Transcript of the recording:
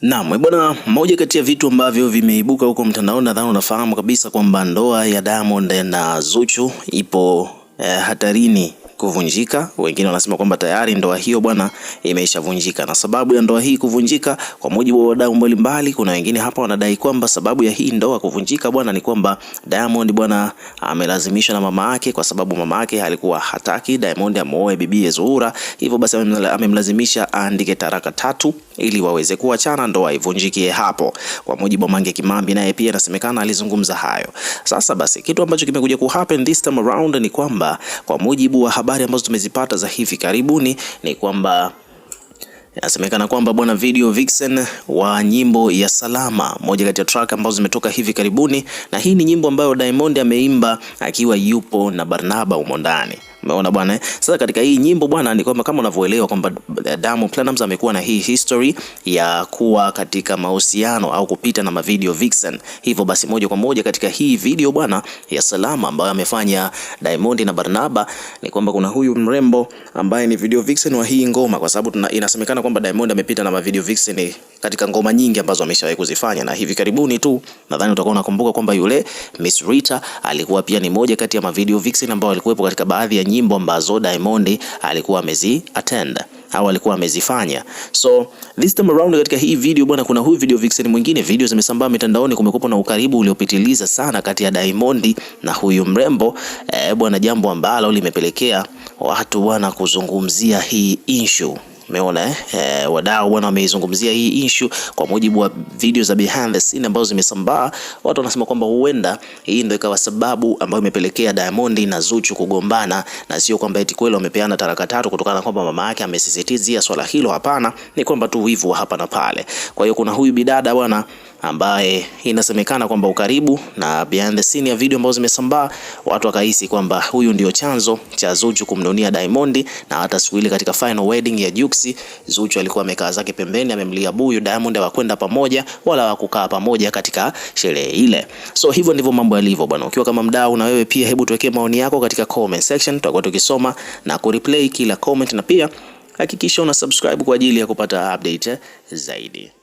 Naam, eh, bwana, moja kati ya vitu ambavyo vimeibuka huko mtandaoni, nadhani unafahamu kabisa kwamba ndoa ya Diamond na Zuchu ipo eh, hatarini kuvunjika. Wengine wanasema kwamba tayari ndoa hiyo bwana imeshavunjika, na sababu ya ndoa hii kuvunjika, kwa mujibu wa wadau mbalimbali, kuna wengine hapa wanadai kwamba sababu ya hii ndoa kuvunjika bwana ni kwamba Diamond bwana amelazimishwa na mama yake, kwa sababu mama yake alikuwa hataki Diamond amuoe bibi Zuhura, hivyo basi amemlazimisha aandike taraka tatu ili waweze kuachana, ndoa ivunjikie hapo. Kwa mujibu wa Mange Kimambi, naye pia inasemekana alizungumza hayo. Sasa basi kitu ambacho kimekuja ku happen this time around ni kwamba kwa mujibu wa habari ambazo tumezipata za hivi karibuni ni kwamba inasemekana kwamba bwana Video Vixen wa nyimbo ya Salama, moja kati ya track ambazo zimetoka hivi karibuni, na hii ni nyimbo ambayo Diamond ameimba akiwa yupo na Barnaba umo ndani. Umeona bwana eh? Sasa katika hii nyimbo bwana, ni kwamba kama unavyoelewa kwamba eh, Diamond Platnumz amekuwa na hii history ya kuwa katika mahusiano au kupita na mavideo vixen. Hivyo basi moja kwa moja katika hii video bwana ya Salama ambayo amefanya Diamond na Barnaba, ni kwamba kuna huyu mrembo ambaye ni video vixen wa hii ngoma, kwa sababu inasemekana kwamba Diamond amepita na mavideo vixen eh, katika ngoma nyingi ambazo ameshawahi kuzifanya, na hivi karibuni tu nadhani utakuwa unakumbuka kwamba yule Miss Rita alikuwa pia ni moja kati ya mavideo vixen ambao alikuwepo katika baadhi ya nyimbo ambazo Diamond alikuwa amezi attend au alikuwa amezifanya. So this time around katika hii video bwana, kuna huyu video vixen mwingine, video zimesambaa mitandaoni, kumekuwa na ukaribu uliopitiliza sana kati ya Diamond na huyu mrembo eh bwana, jambo ambalo limepelekea watu bwana kuzungumzia hii issue. Umeona eh? eh, wadau bwana wameizungumzia hii issue kwa mujibu wa video za behind the scene ambazo zimesambaa. Watu wanasema kwamba huenda hii ndio ikawa sababu ambayo imepelekea Diamond na Zuchu kugombana, na sio kwamba eti kweli wamepeana taraka tatu kutokana na kwamba mama yake amesisitizia swala hilo. Hapana, ni kwamba tu wivu hapa na pale. Kwa hiyo kuna huyu bidada bwana ambaye inasemekana kwamba ukaribu na behind the scene ya video ambazo zimesambaa, watu wakahisi kwamba huyu ndio chanzo cha Zuchu kumnunia Diamond na hata siku ile katika final wedding ya Jux X. Zuchu alikuwa amekaa zake pembeni, amemlia buyu. Diamond hawakwenda pamoja wala hawakukaa pamoja katika sherehe ile. So hivyo ndivyo mambo yalivyo bwana. Ukiwa kama mdau na wewe pia, hebu tuwekee maoni yako katika comment section, tutakuwa tukisoma na kureplay kila comment, na pia hakikisha una subscribe kwa ajili ya kupata update zaidi.